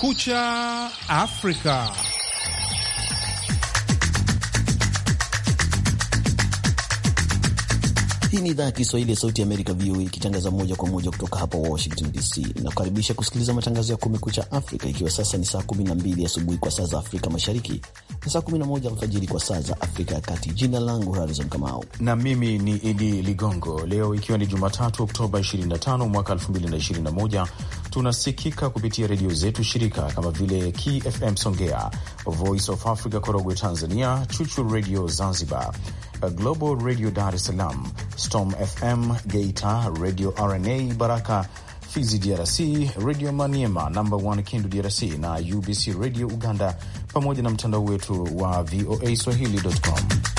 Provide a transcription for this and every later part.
Kumekucha Afrika. Hii ni idhaa ya Kiswahili ya Sauti ya Amerika, VOA, ikitangaza moja kwa moja kutoka hapa Washington DC. Inakukaribisha kusikiliza matangazo ya Kumekucha Afrika, ikiwa sasa ni saa 12 asubuhi kwa saa za Afrika Mashariki na saa 11 alfajiri kwa saa za Afrika ya Kati. Jina langu Harrison Kamau na mimi ni Idi Ligongo. Leo ikiwa ni Jumatatu, Oktoba 25 mwaka 2021 tunasikika kupitia redio zetu shirika kama vile KFM Songea, Voice of Africa Korogwe Tanzania, Chuchu radio Zanzibar, Global Radio Dar es Salaam, Storm FM Geita, Radio RNA Baraka Fizi DRC, Radio Maniema namba 1 Kindu DRC na UBC Radio Uganda, pamoja na mtandao wetu wa VOA Swahili.com.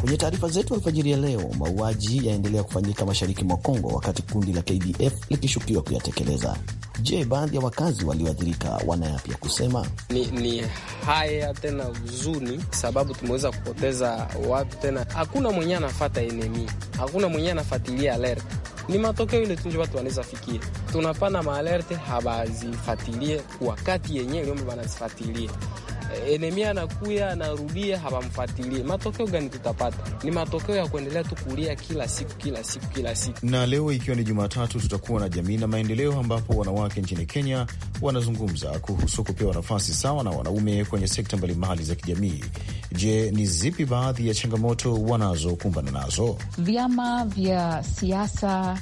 Kwenye taarifa zetu alfajiri ya leo, mauaji yaendelea kufanyika mashariki mwa Kongo wakati kundi la KDF likishukiwa kuyatekeleza. Je, baadhi ya wakazi walioathirika wanayapya kusema? Ni, ni haya tena huzuni, sababu tumeweza kupoteza watu tena, hakuna mwenye anafata enemi, hakuna mwenye anafatilia alert. Ni matokeo ile tunje watu wanaweza fikia, tunapana maalerte habazifatilie wakati yenyewe liombe wanazifatilie Eh, enemia anakuya anarudia, hawamfuatilie. Matokeo gani tutapata? Ni matokeo ya kuendelea tu kulia kila siku kila siku kila siku. Na leo ikiwa ni Jumatatu, tutakuwa na jamii na maendeleo, ambapo wanawake nchini Kenya wanazungumza kuhusu kupewa nafasi sawa na wanaume kwenye sekta mbalimbali za kijamii. Je, ni zipi baadhi ya changamoto wanazokumbana nazo? Vyama vya siasa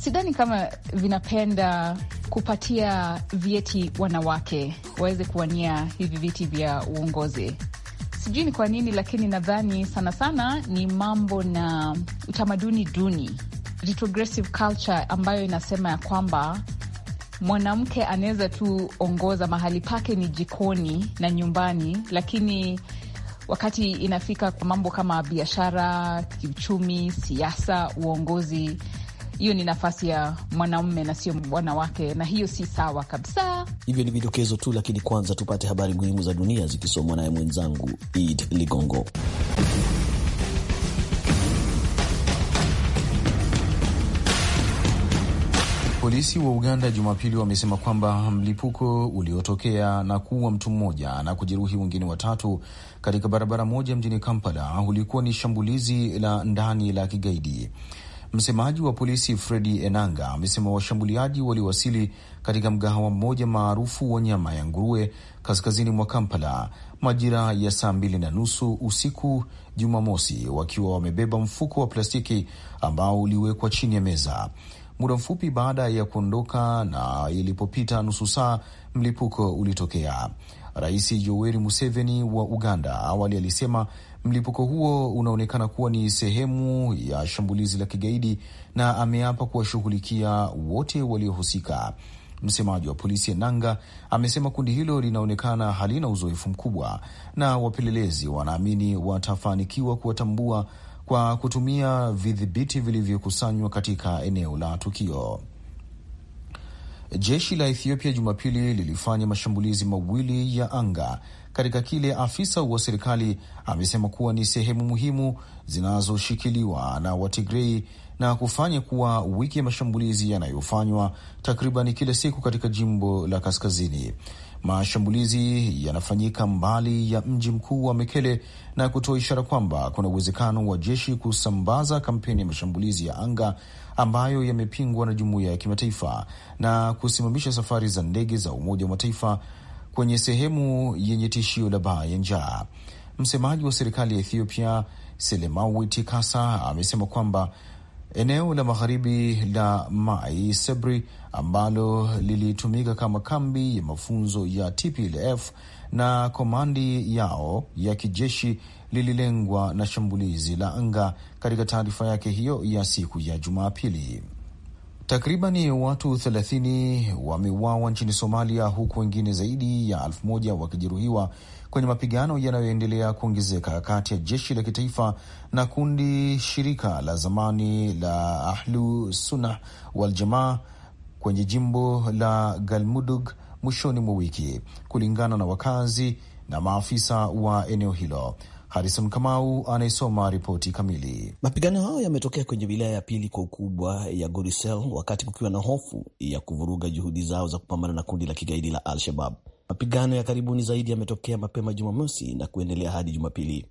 sidhani kama vinapenda kupatia vyeti wanawake waweze kuwania hivi viti vya uongozi. Sijui ni kwa nini, lakini nadhani sana sana ni mambo na utamaduni duni, retrogressive culture ambayo inasema ya kwamba mwanamke anaweza tu ongoza, mahali pake ni jikoni na nyumbani, lakini wakati inafika kwa mambo kama biashara, kiuchumi, siasa, uongozi hiyo ni nafasi ya mwanaume na sio wanawake, na hiyo si sawa kabisa. Hivyo ni vidokezo tu, lakini kwanza tupate habari muhimu za dunia zikisomwa naye mwenzangu Ed Ligongo. Polisi wa Uganda Jumapili wamesema kwamba mlipuko uliotokea na kuua mtu mmoja na kujeruhi wengine watatu katika barabara moja mjini Kampala ulikuwa ni shambulizi la ndani la kigaidi. Msemaji wa polisi Fredi Enanga amesema washambuliaji waliwasili katika mgahawa mmoja maarufu wa nyama ya nguruwe kaskazini mwa Kampala majira ya saa mbili na nusu usiku Jumamosi, wakiwa wamebeba mfuko wa plastiki ambao uliwekwa chini ya meza. Muda mfupi baada ya kuondoka na ilipopita nusu saa, mlipuko ulitokea. Rais Yoweri Museveni wa Uganda awali alisema Mlipuko huo unaonekana kuwa ni sehemu ya shambulizi la kigaidi na ameapa kuwashughulikia wote waliohusika. Msemaji wa polisi ya Nanga amesema kundi hilo linaonekana halina uzoefu mkubwa na wapelelezi wanaamini watafanikiwa kuwatambua kwa kutumia vidhibiti vilivyokusanywa katika eneo la tukio. Jeshi la Ethiopia Jumapili lilifanya mashambulizi mawili ya anga katika kile afisa wa serikali amesema kuwa ni sehemu muhimu zinazoshikiliwa na Watigrei na kufanya kuwa wiki ya mashambulizi yanayofanywa takriban kila siku katika jimbo la kaskazini. Mashambulizi yanafanyika mbali ya mji mkuu wa Mekele na kutoa ishara kwamba kuna uwezekano wa jeshi kusambaza kampeni ya mashambulizi ya anga ambayo yamepingwa na jumuiya ya kimataifa na kusimamisha safari za ndege za Umoja wa Mataifa kwenye sehemu yenye tishio la baa ya njaa. Msemaji wa serikali ya Ethiopia Selemawi Tikasa amesema kwamba eneo la magharibi la Mai Sebri ambalo lilitumika kama kambi ya mafunzo ya TPLF na komandi yao ya kijeshi lililengwa na shambulizi la anga. Katika taarifa yake hiyo ya siku ya Jumapili Takribani watu 30 wameuawa nchini Somalia, huku wengine zaidi ya elfu moja wakijeruhiwa kwenye mapigano yanayoendelea kuongezeka kati ya jeshi la kitaifa na kundi shirika la zamani la Ahlu Sunnah Waljamaa kwenye jimbo la Galmudug mwishoni mwa wiki, kulingana na wakazi na maafisa wa eneo hilo. Harison Kamau anayesoma ripoti kamili. Mapigano hayo yametokea kwenye wilaya ya pili kwa ukubwa ya Gorisel, wakati kukiwa na hofu ya kuvuruga juhudi zao za kupambana na kundi la kigaidi la Al-Shabab. Mapigano ya karibuni zaidi yametokea mapema Jumamosi na kuendelea hadi Jumapili.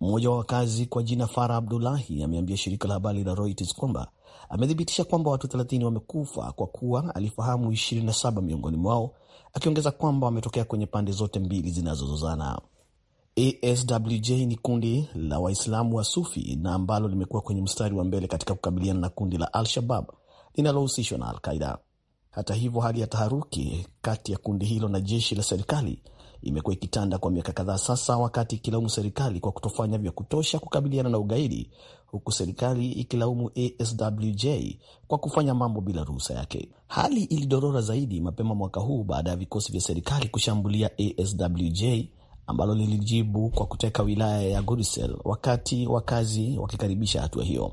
Mmoja wa wakazi kwa jina Farah Abdulahi ameambia shirika la habari la Reuters kwamba amethibitisha kwamba watu 30 wamekufa kwa kuwa alifahamu 27 miongoni mwao, akiongeza kwamba wametokea kwenye pande zote mbili zinazozozana. ASWJ ni kundi la Waislamu wa sufi na ambalo limekuwa kwenye mstari wa mbele katika kukabiliana na kundi la Al-Shabab linalohusishwa na Al-Qaida. Hata hivyo, hali ya taharuki kati ya kundi hilo na jeshi la serikali imekuwa ikitanda kwa miaka kadhaa sasa, wakati ikilaumu serikali kwa kutofanya vya kutosha kukabiliana na ugaidi, huku serikali ikilaumu ASWJ kwa kufanya mambo bila ruhusa yake. Hali ilidorora zaidi mapema mwaka huu baada ya vikosi vya serikali kushambulia ASWJ ambalo lilijibu kwa kuteka wilaya ya Gorisel, wakati wakazi wakikaribisha hatua hiyo.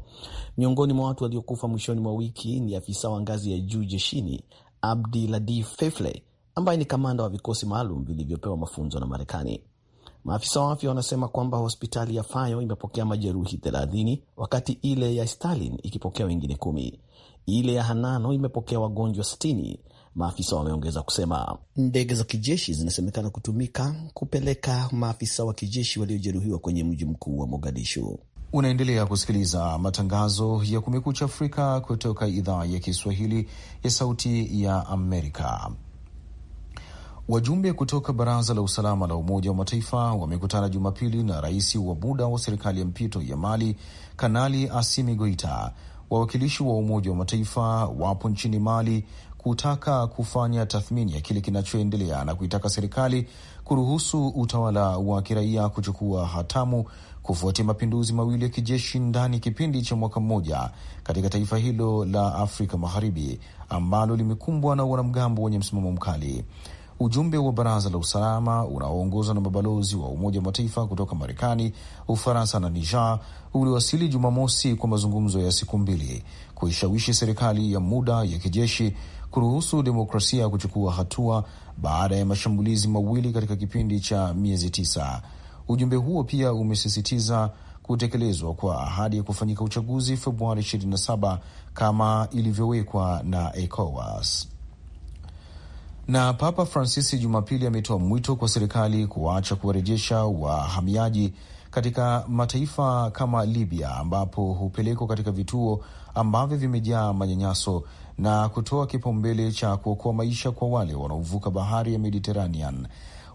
Miongoni mwa watu waliokufa mwishoni mwa wiki ni afisa wa ngazi ya juu jeshini Abdi Latif Fefle ambaye ni kamanda wa vikosi maalum vilivyopewa mafunzo na Marekani. Maafisa wa afya wanasema kwamba hospitali ya Fayo imepokea majeruhi 30 wakati ile ya Stalin ikipokea wengine kumi. Ile ya Hanano imepokea wagonjwa maafisa wameongeza kusema. Ndege za kijeshi zinasemekana kutumika kupeleka maafisa wa kijeshi waliojeruhiwa kwenye mji mkuu wa Mogadishu. Unaendelea kusikiliza matangazo ya Kumekucha Afrika kutoka idhaa ya Kiswahili ya Sauti ya Amerika. Wajumbe kutoka Baraza la Usalama la Umoja wa Mataifa wamekutana Jumapili na rais wa muda wa serikali ya mpito ya Mali, Kanali Asimi Goita. Wawakilishi wa Umoja wa Mataifa wapo nchini Mali kutaka kufanya tathmini ya kile kinachoendelea na kuitaka serikali kuruhusu utawala wa kiraia kuchukua hatamu kufuatia mapinduzi mawili ya kijeshi ndani ya kipindi cha mwaka mmoja katika taifa hilo la Afrika Magharibi ambalo limekumbwa na wanamgambo wenye msimamo mkali. Ujumbe wa Baraza la Usalama unaoongozwa na mabalozi wa Umoja wa Mataifa kutoka Marekani, Ufaransa na Niger uliwasili Jumamosi kwa mazungumzo ya siku mbili kuishawishi serikali ya muda ya kijeshi kuruhusu demokrasia kuchukua hatua baada ya mashambulizi mawili katika kipindi cha miezi tisa. Ujumbe huo pia umesisitiza kutekelezwa kwa ahadi ya kufanyika uchaguzi Februari 27 kama ilivyowekwa na ECOWAS. Na Papa Francis Jumapili ametoa mwito kwa serikali kuacha kuwarejesha wahamiaji katika mataifa kama Libya, ambapo hupelekwa katika vituo ambavyo vimejaa manyanyaso na kutoa kipaumbele cha kuokoa maisha kwa wale wanaovuka bahari ya Mediterranean.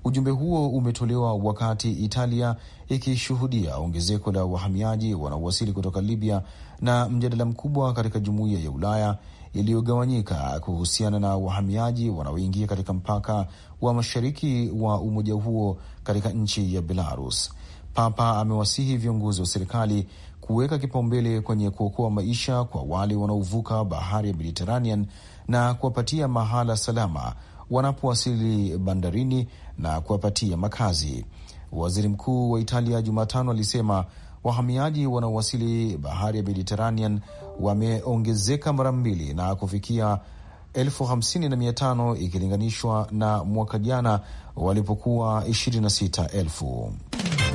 Ujumbe huo umetolewa wakati Italia ikishuhudia ongezeko la wahamiaji wanaowasili kutoka Libya na mjadala mkubwa katika jumuiya ya Ulaya iliyogawanyika kuhusiana na wahamiaji wanaoingia katika mpaka wa mashariki wa umoja huo katika nchi ya Belarus. Papa amewasihi viongozi wa serikali kuweka kipaumbele kwenye kuokoa maisha kwa wale wanaovuka bahari ya Mediteranean na kuwapatia mahala salama wanapowasili bandarini na kuwapatia makazi. Waziri Mkuu wa Italia Jumatano alisema wahamiaji wanaowasili bahari ya Mediteranean wameongezeka mara mbili na kufikia elfu hamsini na mia tano ikilinganishwa na mwaka jana walipokuwa elfu ishirini na sita.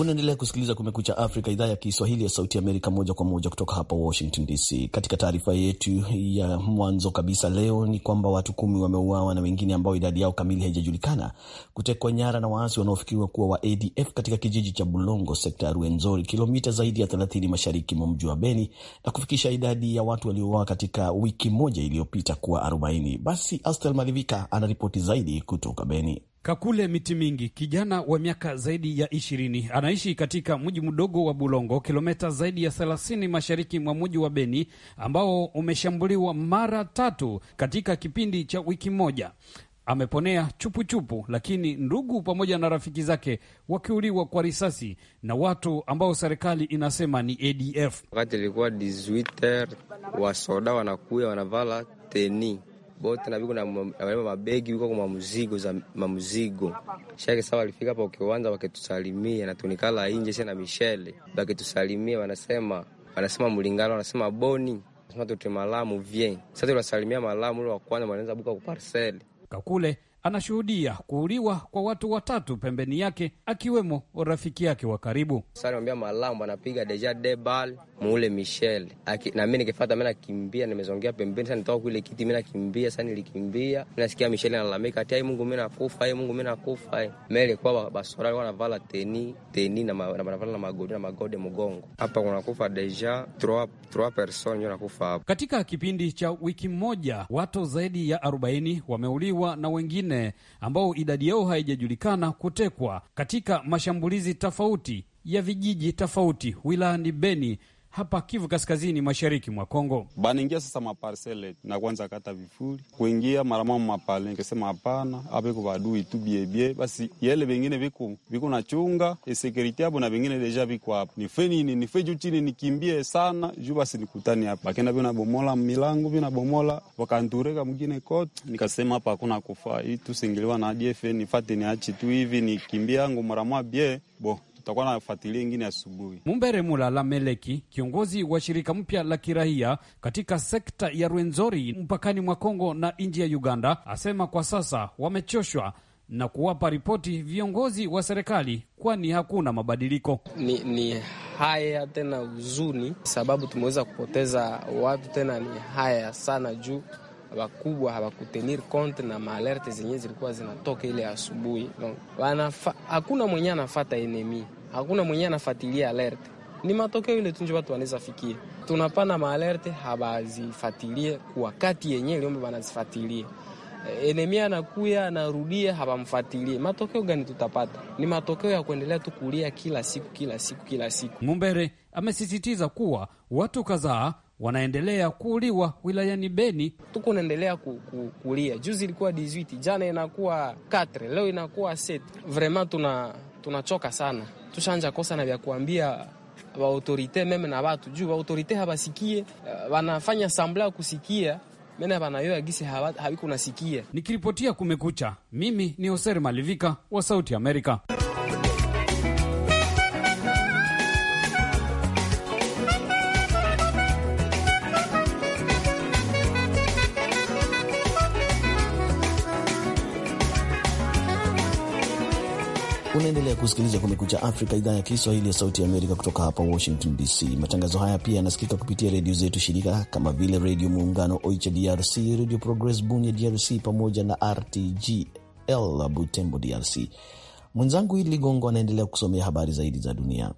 Unaendelea kusikiliza Kumekucha Afrika, idhaa ya Kiswahili ya Sauti Amerika, moja kwa moja kutoka hapa Washington DC. Katika taarifa yetu ya mwanzo kabisa leo ni kwamba watu kumi wameuawa na wengine ambao idadi yao kamili haijajulikana kutekwa nyara na waasi wanaofikiriwa kuwa wa ADF katika kijiji cha Bulongo, sekta ya Ruenzori, kilomita zaidi ya 30 mashariki mwa mji wa Beni, na kufikisha idadi ya watu waliouawa katika wiki moja iliyopita kuwa 40. Basi Astel Malivika anaripoti zaidi kutoka Beni. Kakule Miti Mingi, kijana wa miaka zaidi ya ishirini, anaishi katika mji mdogo wa Bulongo, kilomita zaidi ya thelathini mashariki mwa mji wa Beni, ambao umeshambuliwa mara tatu katika kipindi cha wiki moja. Ameponea chupuchupu chupu, lakini ndugu pamoja na rafiki zake wakiuliwa kwa risasi na watu ambao serikali inasema ni ADF. Wakati ilikuwa 18 wasoda wanakuya wanavala teni bote na biko na walema mabegi uko kwa mzigo za mzigo shake sawa. Alifika hapo kiwanja wakitusalimia na tunikala nje sana Michelle, wakitusalimia wanasema wanasema mlingano, wanasema boni, wanasema tuti malamu vien. Sasa tunasalimia malamu ile wa kwanza mwananza buka kwa parcel. Kakule anashuhudia kuuliwa kwa watu watatu pembeni yake, akiwemo rafiki yake wa karibu. Sasa niambia malamu anapiga deja de bal muule Michel na mimi nikifata, mimi nakimbia, nimezongea pembeni sana, nitoka kule kiti, mimi nakimbia sana, nilikimbia, nasikia Michel analalamika ati, ai Mungu mimi nakufa, ai Mungu mimi nakufa, ai mimi ilikuwa basora alikuwa anavala teni teni na anavala na magodi na magode mgongo, hapa kuna kufa deja 3 3 personnes ndio nakufa hapa. Katika kipindi cha wiki moja watu zaidi ya 40 wameuliwa na wengine ambao idadi yao haijajulikana kutekwa katika mashambulizi tofauti ya vijiji tofauti wilayani Beni hapa Kivu Kaskazini, mashariki mwa Kongo. Baningia sasa maparsele na kwanza kata vifuri kuingia maramamu mapale, nikasema hapana, aviko vadui tu biebie basi, yele vengine viko viko na chunga esekuriti yabo na vengine deja viko hapa, nife nini nife juu chini nikimbie sana juu, basi nikutani hapa, bakenda vinabomola milango vinabomola wakantureka mwingine kot, Nikasema hapa hakuna kufaa, hii tusingiliwa na ADF nifate niachi tu hivi nikimbia yangu maramua bie bo tutakuwa nafuatilia ingine asubuhi. Mumbere Mulala Meleki, kiongozi wa shirika mpya la kiraia katika sekta ya Rwenzori mpakani mwa Kongo na nchi ya Uganda, asema kwa sasa wamechoshwa na kuwapa ripoti viongozi wa serikali, kwani hakuna mabadiliko. Ni, ni haya tena huzuni, sababu tumeweza kupoteza watu tena, ni haya sana juu wakubwa hawakutenir konte na maalerte zenyewe zilikuwa zinatoka ile asubuhi. hakuna mwenye anafata enemi hakuna mwenye anafuatilia alert. Ni matokeo ile tunje watu wanaweza fikia. Tunapana maalerte habazifuatilie kwa wakati yenyewe iliomba banazifatilie. Eh, Enemia anakuya anarudia habamfuatilie. Matokeo gani tutapata? Ni matokeo ya kuendelea tu kulia kila siku kila siku kila siku. Mumbere amesisitiza kuwa watu kadhaa wanaendelea kuuliwa wilayani Beni. Tuko naendelea ku, ku, kulia. Juzi ilikuwa 18, jana inakuwa 4, leo inakuwa 7. Vraiment tuna tunachoka sana, tushanja kosa na vya kuambia waautorite meme na watu juu waautorite hawasikie, eh, wanafanya sambla ya kusikia mene banayoya gisi habikunasikia. Nikiripotia Kumekucha, mimi ni Hoser Malivika wa Sauti Amerika. kusikiliza Kumekucha Afrika, idhaa ya Kiswahili ya Sauti ya Amerika kutoka hapa Washington DC. Matangazo haya pia yanasikika kupitia redio zetu shirika kama vile Redio Muungano Oicha DRC, Redio Progress Bunia DRC, pamoja na RTGL Butembo DRC. Mwenzangu Idi Ligongo anaendelea kusomea habari zaidi za dunia.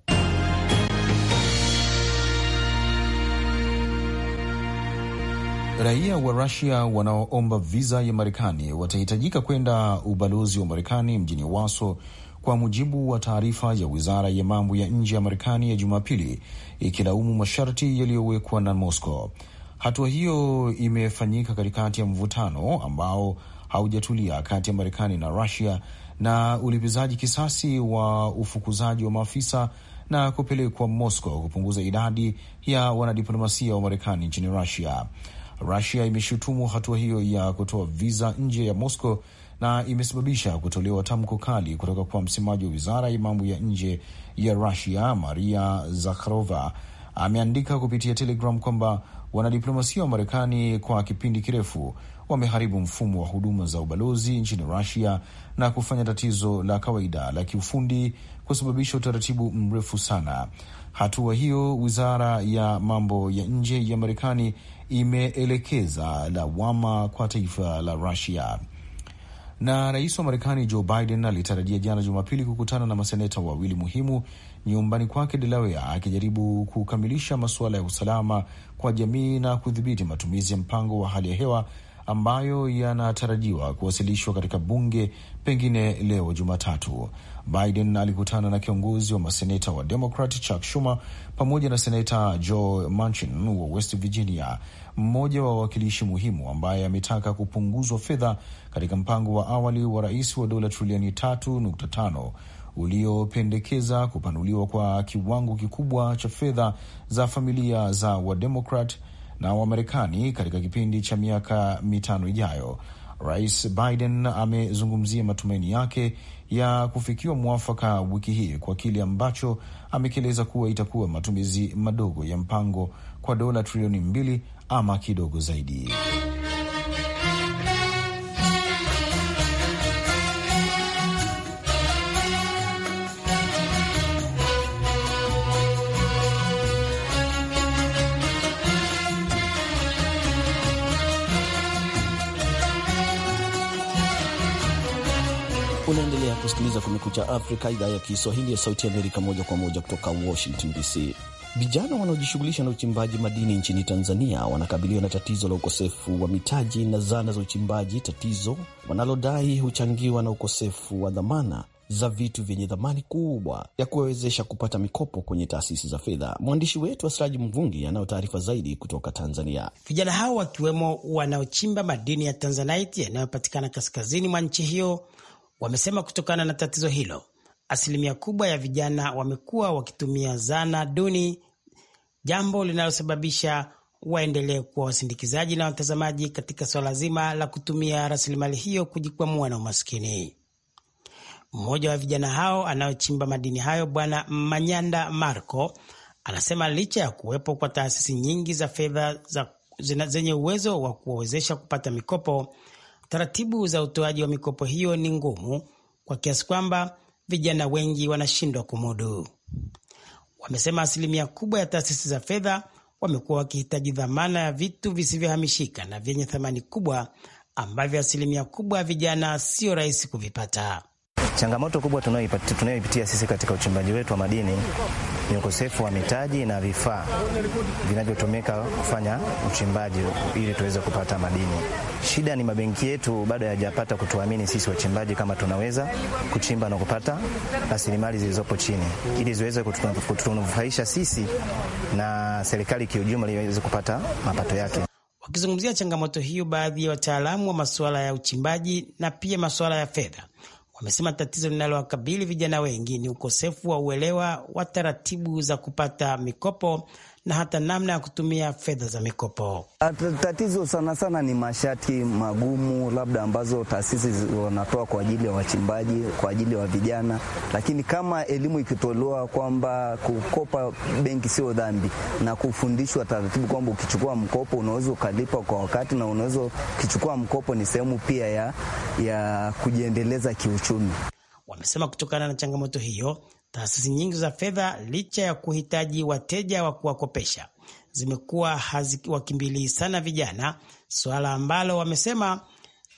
Raia wa Rusia wanaoomba viza ya Marekani watahitajika kwenda ubalozi wa Marekani mjini Waso kwa mujibu wa taarifa ya wizara ya mambo ya nje ya Marekani ya Jumapili, ikilaumu masharti yaliyowekwa na Moscow. Hatua hiyo imefanyika katikati ya mvutano ambao haujatulia kati ya Marekani na Rusia na ulipizaji kisasi wa ufukuzaji wa maafisa na kupelekwa Moscow kupunguza idadi ya wanadiplomasia wa Marekani nchini Rusia. Rusia imeshutumu hatua hiyo ya kutoa viza nje ya Moscow na imesababisha kutolewa tamko kali kutoka kwa msemaji wa wizara ya mambo ya nje ya Rusia, Maria Zakharova. Ameandika kupitia Telegram kwamba wanadiplomasia wa Marekani kwa kipindi kirefu wameharibu mfumo wa huduma za ubalozi nchini Rusia na kufanya tatizo la kawaida la kiufundi kusababisha utaratibu mrefu sana. Hatua hiyo wizara ya mambo ya nje ya Marekani imeelekeza lawama kwa taifa la Rusia na rais wa Marekani Joe Biden alitarajia jana Jumapili kukutana na maseneta wawili muhimu nyumbani kwake Delaware, akijaribu kukamilisha masuala ya usalama kwa jamii na kudhibiti matumizi ya mpango wa hali ya hewa ambayo yanatarajiwa kuwasilishwa katika bunge pengine leo Jumatatu. Biden alikutana na kiongozi wa maseneta wa Demokrat Chuck Schumer pamoja na seneta Joe Manchin wa West Virginia, mmoja wa wawakilishi muhimu ambaye ametaka kupunguzwa fedha katika mpango wa awali wa rais wa dola trilioni 3.5 uliopendekeza kupanuliwa kwa kiwango kikubwa cha fedha za familia za Wademokrat na Wamarekani katika kipindi cha miaka mitano ijayo. Rais Biden amezungumzia matumaini yake ya kufikiwa mwafaka wiki hii kwa kile ambacho amekieleza kuwa itakuwa matumizi madogo ya mpango kwa dola trilioni mbili ama kidogo zaidi. kusikiliza Kumekucha Afrika, idhaa ya Kiswahili ya Sauti Amerika, moja kwa moja kutoka Washington DC. Vijana wanaojishughulisha na uchimbaji madini nchini Tanzania wanakabiliwa na tatizo la ukosefu wa mitaji na zana za uchimbaji, tatizo wanalodai huchangiwa na ukosefu wa dhamana za vitu vyenye dhamani kubwa ya kuwawezesha kupata mikopo kwenye taasisi za fedha. Mwandishi wetu Asiraji Mvungi anayo taarifa zaidi kutoka Tanzania. Vijana hao wakiwemo wanaochimba madini ya tanzanite yanayopatikana kaskazini mwa nchi hiyo wamesema kutokana na tatizo hilo asilimia kubwa ya vijana wamekuwa wakitumia zana duni, jambo linalosababisha waendelee kuwa wasindikizaji na watazamaji katika swala zima la kutumia rasilimali hiyo kujikwamua na umaskini. Mmoja wa vijana hao anayochimba madini hayo, Bwana Manyanda Marco, anasema licha ya kuwepo kwa taasisi nyingi za fedha zenye uwezo wa kuwawezesha kupata mikopo, taratibu za utoaji wa mikopo hiyo ni ngumu kwa kiasi kwamba vijana wengi wanashindwa kumudu. Wamesema asilimia kubwa ya taasisi za fedha wamekuwa wakihitaji dhamana ya vitu visivyohamishika na vyenye thamani kubwa ambavyo asilimia kubwa ya vijana sio rahisi kuvipata. Changamoto kubwa tunayoipitia sisi katika uchimbaji wetu wa madini ni ukosefu wa mitaji na vifaa vinavyotumika kufanya uchimbaji ili tuweze kupata madini. Shida ni mabenki yetu bado hayajapata kutuamini sisi wachimbaji kama tunaweza kuchimba na kupata rasilimali zilizopo chini ili ziweze kutunufaisha sisi na serikali kiujumla iweze kupata mapato yake. Wakizungumzia changamoto hiyo, baadhi ya wataalamu wa masuala ya uchimbaji na pia masuala ya fedha wamesema tatizo linalowakabili vijana wengi ni ukosefu wa uelewa wa taratibu za kupata mikopo na hata namna ya kutumia fedha za mikopo. Ah, tatizo sana sana ni masharti magumu, labda ambazo taasisi wanatoa kwa ajili ya wachimbaji, kwa ajili ya wa vijana. Lakini kama elimu ikitolewa kwamba kukopa benki sio dhambi, na kufundishwa taratibu kwamba ukichukua mkopo unaweza ukalipa kwa wakati, na unaweza ukichukua mkopo ni sehemu pia ya, ya kujiendeleza kiuchumi. Wamesema kutokana na changamoto hiyo Taasisi nyingi za fedha, licha ya kuhitaji wateja wa kuwakopesha, zimekuwa haziwakimbilii sana vijana, suala ambalo wamesema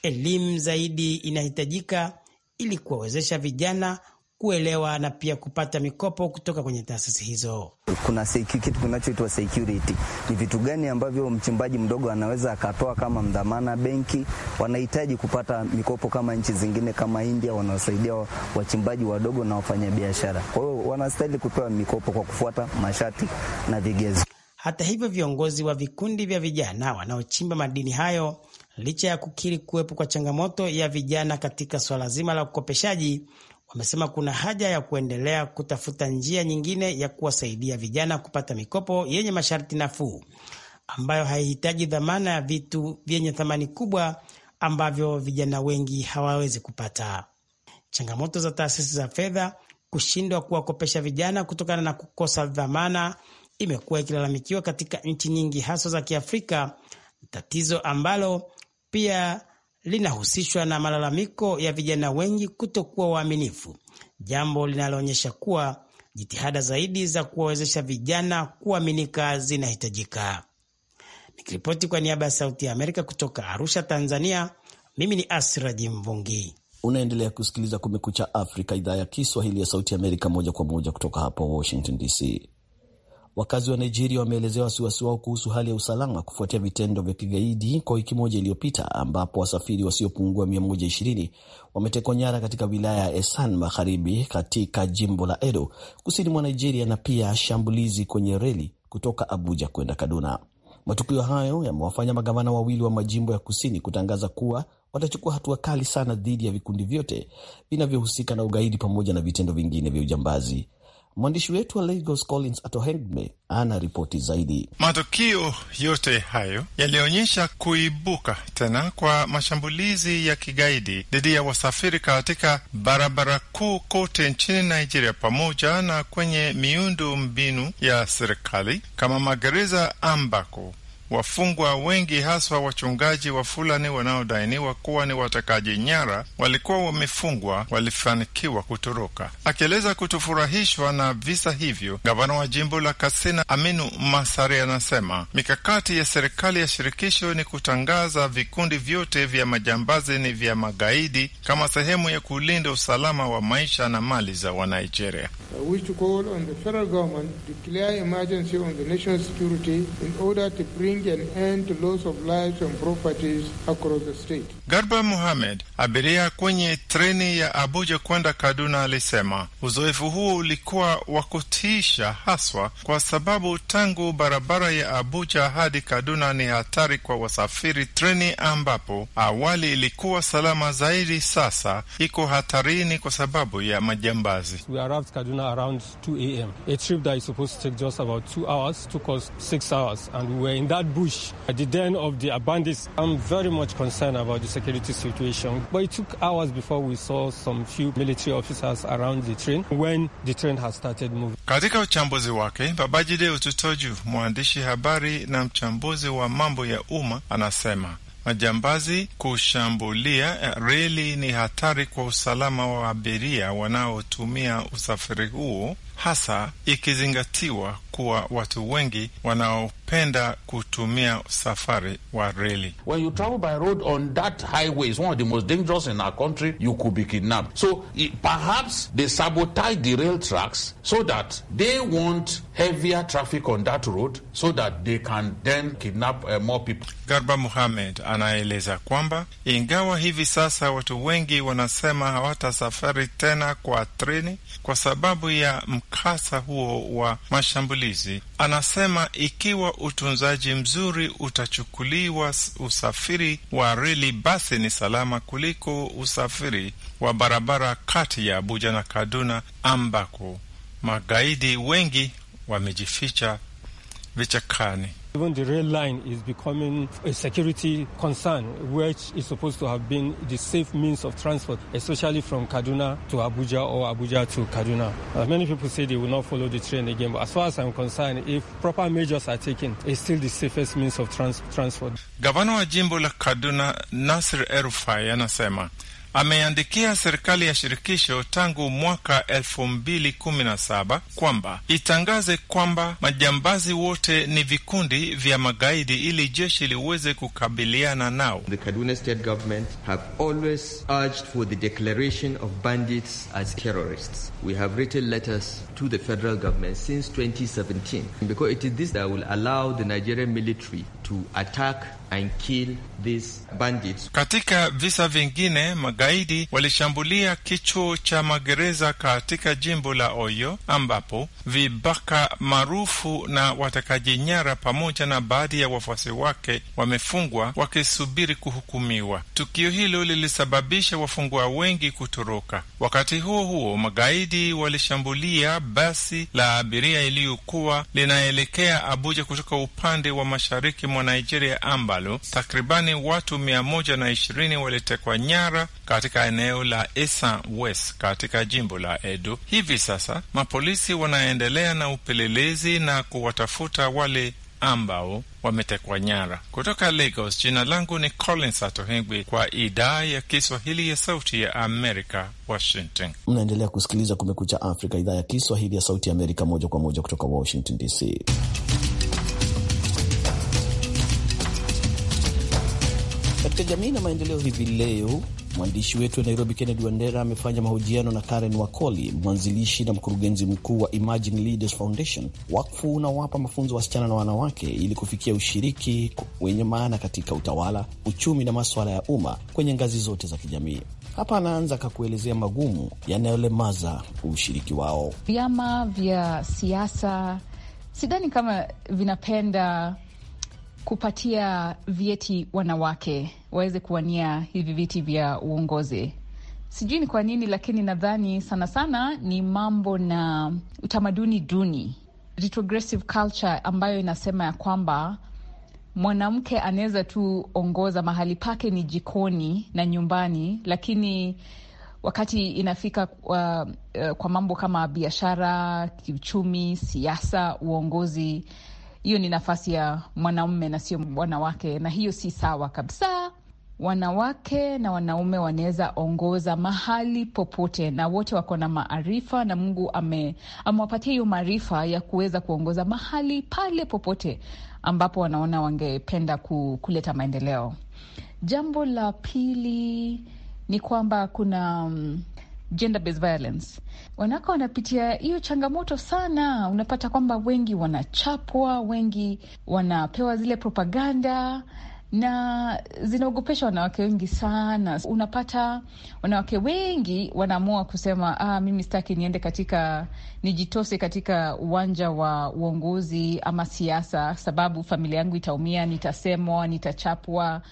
elimu zaidi inahitajika ili kuwawezesha vijana kuelewa na pia kupata mikopo kutoka kwenye taasisi hizo. Kuna kitu kinachoitwa security. Ni vitu gani ambavyo mchimbaji mdogo anaweza akatoa kama mdhamana? Benki wanahitaji kupata mikopo kama nchi zingine kama India, wanaosaidia wachimbaji wadogo na wafanyabiashara. Kwa hiyo wanastahili kupewa mikopo kwa kufuata masharti na vigezo. Hata hivyo, viongozi wa vikundi vya vijana wanaochimba madini hayo licha ya kukiri kuwepo kwa changamoto ya vijana katika swala zima la ukopeshaji wamesema kuna haja ya kuendelea kutafuta njia nyingine ya kuwasaidia vijana kupata mikopo yenye masharti nafuu ambayo haihitaji dhamana ya vitu vyenye thamani kubwa ambavyo vijana wengi hawawezi kupata. Changamoto za taasisi za fedha kushindwa kuwakopesha vijana kutokana na kukosa dhamana imekuwa ikilalamikiwa katika nchi nyingi, hasa za Kiafrika, tatizo ambalo pia linahusishwa na malalamiko ya vijana wengi kutokuwa waaminifu, jambo linaloonyesha kuwa jitihada zaidi za kuwawezesha vijana kuaminika zinahitajika. Nikiripoti kwa niaba ya Sauti ya Amerika kutoka Arusha, Tanzania, mimi ni Asraji Mvungi. Unaendelea kusikiliza Kumekucha Afrika, idhaa ya Kiswahili ya Sauti ya Amerika, moja kwa moja kutoka hapa Washington DC. Wakazi wa Nigeria wameelezea wasiwasi wao kuhusu hali ya usalama kufuatia vitendo vya kigaidi kwa wiki moja iliyopita, ambapo wasafiri wasiopungua 120 wametekwa nyara katika wilaya ya Esan Magharibi katika jimbo la Edo kusini mwa Nigeria, na pia shambulizi kwenye reli kutoka Abuja kwenda Kaduna. Matukio hayo yamewafanya magavana wawili wa majimbo ya kusini kutangaza kuwa watachukua hatua kali sana dhidi ya vikundi vyote vinavyohusika na ugaidi pamoja na vitendo vingine vya ujambazi. Mwandishi wetu wa Lagos Collins Atohegme ana ripoti zaidi. Matukio yote hayo yalionyesha kuibuka tena kwa mashambulizi ya kigaidi dhidi ya wasafiri katika barabara kuu kote nchini Nigeria, pamoja na kwenye miundo mbinu ya serikali kama magereza, ambako Wafungwa wengi haswa wachungaji wa Fulani wanaodainiwa kuwa ni watekaji nyara walikuwa wamefungwa walifanikiwa kutoroka. Akieleza kutofurahishwa na visa hivyo, gavana wa jimbo la Katsina Aminu Masari anasema mikakati ya serikali ya shirikisho ni kutangaza vikundi vyote vya majambazi ni vya magaidi kama sehemu ya kulinda usalama wa maisha na mali za Wanigeria. Uh, I bring an end to loss of lives and properties across the state. Garba Muhamed, abiria kwenye treni ya Abuja kwenda Kaduna, alisema uzoefu huu ulikuwa wa kutisha, haswa kwa sababu tangu barabara ya Abuja hadi Kaduna ni hatari kwa wasafiri. Treni ambapo awali ilikuwa salama zaidi, sasa iko hatarini kwa sababu ya majambazi. We arrived Kaduna around 2 a.m. A trip that is supposed to take just about 2 hours took us 6 hours and we were in that bush at the den of the bandits. I'm very much concerned about the security situation. But it took hours before we saw some few military officers around the train when the train has started moving. Katika uchambuzi wake Babajide Ututoju, mwandishi habari na mchambuzi wa mambo ya umma, anasema majambazi kushambulia reli ni hatari kwa usalama wa abiria wanaotumia usafiri huo, hasa ikizingatiwa kuwa watu wengi wanaopenda kutumia safari wa reli. When you travel by road on that highway is one of the most dangerous in our country, you could be kidnapped. So perhaps they sabotage the rail tracks so that they want heavier traffic on that road so that they can then kidnap uh, more people. Garba Muhamed anaeleza kwamba ingawa hivi sasa watu wengi wanasema safari tena kwa treni kwa sababu ya mkasa huo wa mashambulio uangalizi. Anasema ikiwa utunzaji mzuri utachukuliwa, usafiri wa reli basi ni salama kuliko usafiri wa barabara kati ya Abuja na Kaduna ambako magaidi wengi wamejificha vichakani. Even the rail line is becoming a security concern, which is supposed to have been the safe means of transport, especially from Kaduna to Abuja or Abuja to Kaduna. Uh, many people say they will not follow the train again, but as far as I'm concerned, if proper measures are taken, it's still the safest means of trans transport. Governor wa jimbo la Kaduna Nasir Erufai anasema ameandikia serikali ya shirikisho tangu mwaka elfu mbili kumi na saba kwamba itangaze kwamba majambazi wote ni vikundi vya magaidi ili jeshi liweze kukabiliana nao. The Kaduna State Government have always urged for the declaration of bandits as terrorists. We have written letters to the federal government since 2017 because it is this that will allow the Nigerian military to attack and kill these bandits. Katika visa vingine magaidi walishambulia kichuo cha magereza katika jimbo la Oyo ambapo vibaka maarufu na watekaji nyara pamoja na baadhi ya wafuasi wake wamefungwa wakisubiri kuhukumiwa. Tukio hilo lilisababisha wafungwa wengi kutoroka. Wakati huo huo, magaidi walishambulia basi la abiria iliyokuwa linaelekea Abuja kutoka upande wa mashariki mwa Nigeria amba ambalo takribani watu mia moja na ishirini walitekwa nyara katika eneo la Esan West katika jimbo la Edo. Hivi sasa mapolisi wanaendelea na upelelezi na kuwatafuta wale ambao wametekwa nyara kutoka Lagos. Jina langu ni Collins Atohengwi kwa idhaa ya Kiswahili ya Sauti ya Amerika, Washington. Mnaendelea kusikiliza Kumekucha Afrika, idhaa ya Kiswahili ya Sauti ya Amerika, moja kwa moja kutoka Washington DC. Katika jamii na maendeleo hivi leo, mwandishi wetu wa Nairobi Kennedy Wandera amefanya mahojiano na Karen Wakoli, mwanzilishi na mkurugenzi mkuu wa Imagine Leaders Foundation, wakfu unawapa mafunzo wasichana na wanawake ili kufikia ushiriki wenye maana katika utawala, uchumi na maswala ya umma kwenye ngazi zote za kijamii. Hapa anaanza kakuelezea magumu yanayolemaza ushiriki wao. Vyama vya siasa sidhani kama vinapenda kupatia vyeti wanawake waweze kuwania hivi viti vya uongozi. Sijui ni kwa nini, lakini nadhani sana sana ni mambo na utamaduni duni, retrogressive culture, ambayo inasema ya kwamba mwanamke anaweza tu ongoza, mahali pake ni jikoni na nyumbani, lakini wakati inafika kwa, uh, uh, kwa mambo kama biashara, kiuchumi, siasa, uongozi hiyo ni nafasi ya mwanaume na sio wanawake, na hiyo si sawa kabisa. Wanawake na wanaume wanaweza ongoza mahali popote, na wote wako na maarifa, na Mungu ame, amewapatia hiyo maarifa ya kuweza kuongoza mahali pale popote ambapo wanaona wangependa ku, kuleta maendeleo. Jambo la pili ni kwamba kuna um, gender based violence. Wanawake wanapitia hiyo changamoto sana, unapata kwamba wengi wanachapwa, wengi wanapewa zile propaganda na zinaogopesha wanawake wengi sana. Unapata wanawake wengi wanaamua kusema ah, mimi sitaki niende katika, nijitose katika uwanja wa uongozi ama siasa, sababu familia yangu itaumia, nitasemwa, nitachapwa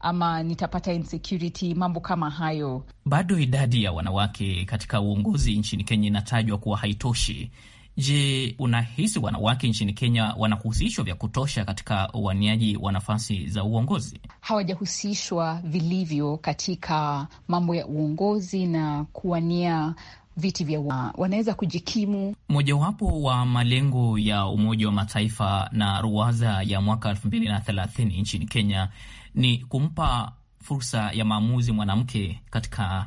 ama nitapata insecurity, mambo kama hayo. Bado idadi ya wanawake katika uongozi nchini Kenya inatajwa kuwa haitoshi. Je, unahisi wanawake nchini Kenya wanahusishwa vya kutosha katika uwaniaji wa nafasi za uongozi? Hawajahusishwa vilivyo katika mambo ya uongozi na kuwania viti vya wa, wanaweza kujikimu. Mojawapo wa malengo ya Umoja wa Mataifa na ruwaza ya mwaka elfu mbili na thelathini nchini Kenya ni kumpa fursa ya maamuzi mwanamke katika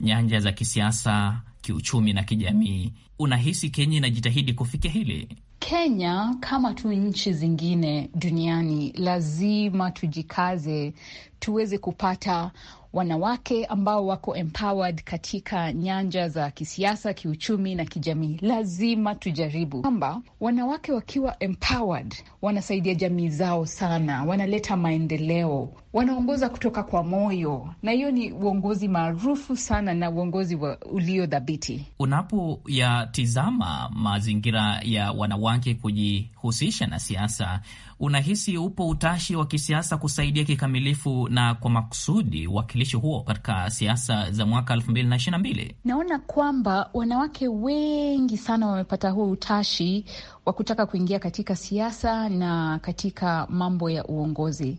nyanja za kisiasa, kiuchumi na kijamii. Unahisi Kenya inajitahidi kufikia hili? Kenya kama tu nchi zingine duniani lazima tujikaze tuweze kupata wanawake ambao wako empowered katika nyanja za kisiasa, kiuchumi na kijamii. Lazima tujaribu kwamba wanawake wakiwa empowered wanasaidia jamii zao sana, wanaleta maendeleo, wanaongoza kutoka kwa moyo, na hiyo ni uongozi maarufu sana na uongozi ulio dhabiti. Unapoyatizama mazingira ya wanawake kujihusisha na siasa unahisi upo utashi wa kisiasa kusaidia kikamilifu na kwa makusudi uwakilishi huo katika siasa za mwaka elfu mbili na ishirini na mbili? Naona kwamba wanawake wengi sana wamepata huo utashi wa kutaka kuingia katika siasa na katika mambo ya uongozi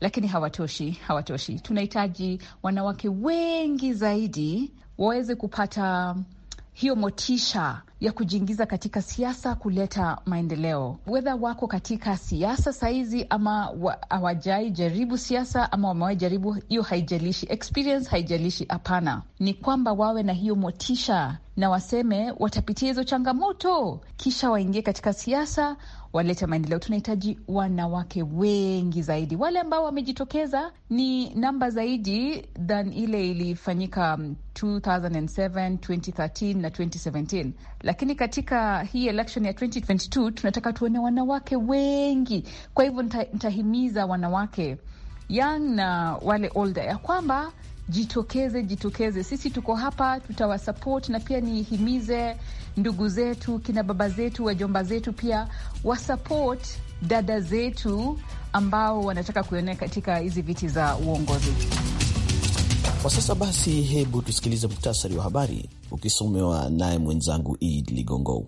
lakini hawatoshi, hawatoshi. Tunahitaji wanawake wengi zaidi waweze kupata hiyo motisha ya kujiingiza katika siasa kuleta maendeleo, wedha wako katika siasa sahizi ama hawajai jaribu siasa ama wamewai jaribu, hiyo haijalishi, experience haijalishi. Hapana, ni kwamba wawe na hiyo motisha na waseme watapitia hizo changamoto, kisha waingie katika siasa walete maendeleo. Tunahitaji wanawake wengi zaidi. Wale ambao wamejitokeza ni namba zaidi than ile ilifanyika 2007, mm, 2013 na 2017 lakini katika hii election ya 2022 tunataka tuone wanawake wengi. Kwa hivyo nitahimiza wanawake young na wale older ya kwamba jitokeze, jitokeze, sisi tuko hapa, tutawasupport na pia nihimize ndugu zetu, kina baba zetu, wajomba zetu pia wasupport dada zetu ambao wanataka kuonea katika hizi viti za uongozi. Kwa sasa basi, hebu tusikilize muktasari wa habari ukisomewa naye mwenzangu Id Ligongo.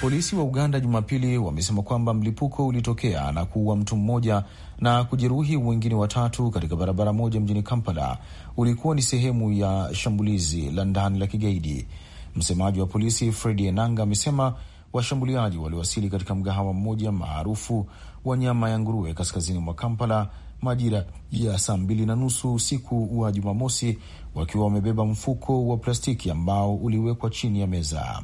Polisi wa Uganda Jumapili wamesema kwamba mlipuko ulitokea na kuua mtu mmoja na kujeruhi wengine watatu katika barabara moja mjini Kampala ulikuwa ni sehemu ya shambulizi la ndani la kigaidi. Msemaji wa polisi Fredi Enanga amesema Washambuliaji waliwasili katika mgahawa mmoja maarufu wa nyama ya nguruwe kaskazini mwa Kampala majira ya saa mbili na nusu usiku wa Jumamosi, wakiwa wamebeba mfuko wa plastiki ambao uliwekwa chini ya meza.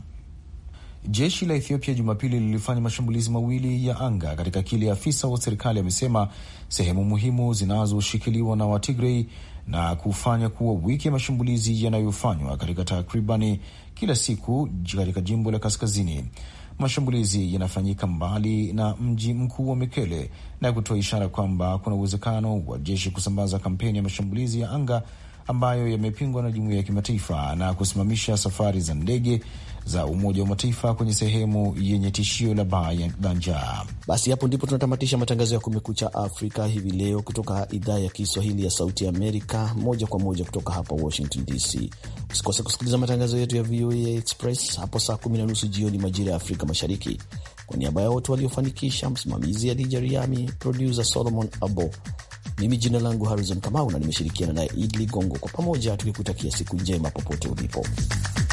Jeshi la Ethiopia Jumapili lilifanya mashambulizi mawili ya anga katika kile afisa wa serikali amesema sehemu muhimu zinazoshikiliwa na Watigrei na kufanya kuwa wiki ya mashambulizi yanayofanywa katika takribani kila siku katika jimbo la kaskazini. Mashambulizi yanafanyika mbali na mji mkuu wa Mekele na kutoa ishara kwamba kuna uwezekano wa jeshi kusambaza kampeni ya mashambulizi ya anga ambayo yamepingwa na jumuiya ya kimataifa na kusimamisha safari za ndege za Umoja wa Mataifa kwenye sehemu yenye tishio la baa la njaa. Basi hapo ndipo tunatamatisha matangazo ya Kumekucha Afrika hivi leo kutoka idhaa ya Kiswahili ya Sauti ya Amerika, moja kwa moja kutoka hapa Washington DC. Usikose kusikiliza matangazo yetu ya VOA Express hapo saa kumi na nusu jioni majira ya Afrika Mashariki. Kwa niaba ya wote waliofanikisha, msimamizi Adija Riami, produsa Solomon Abo, mimi jina langu Harrison Kamau na nimeshirikiana naye Idli Gongo, kwa pamoja tukikutakia siku njema popote ulipo.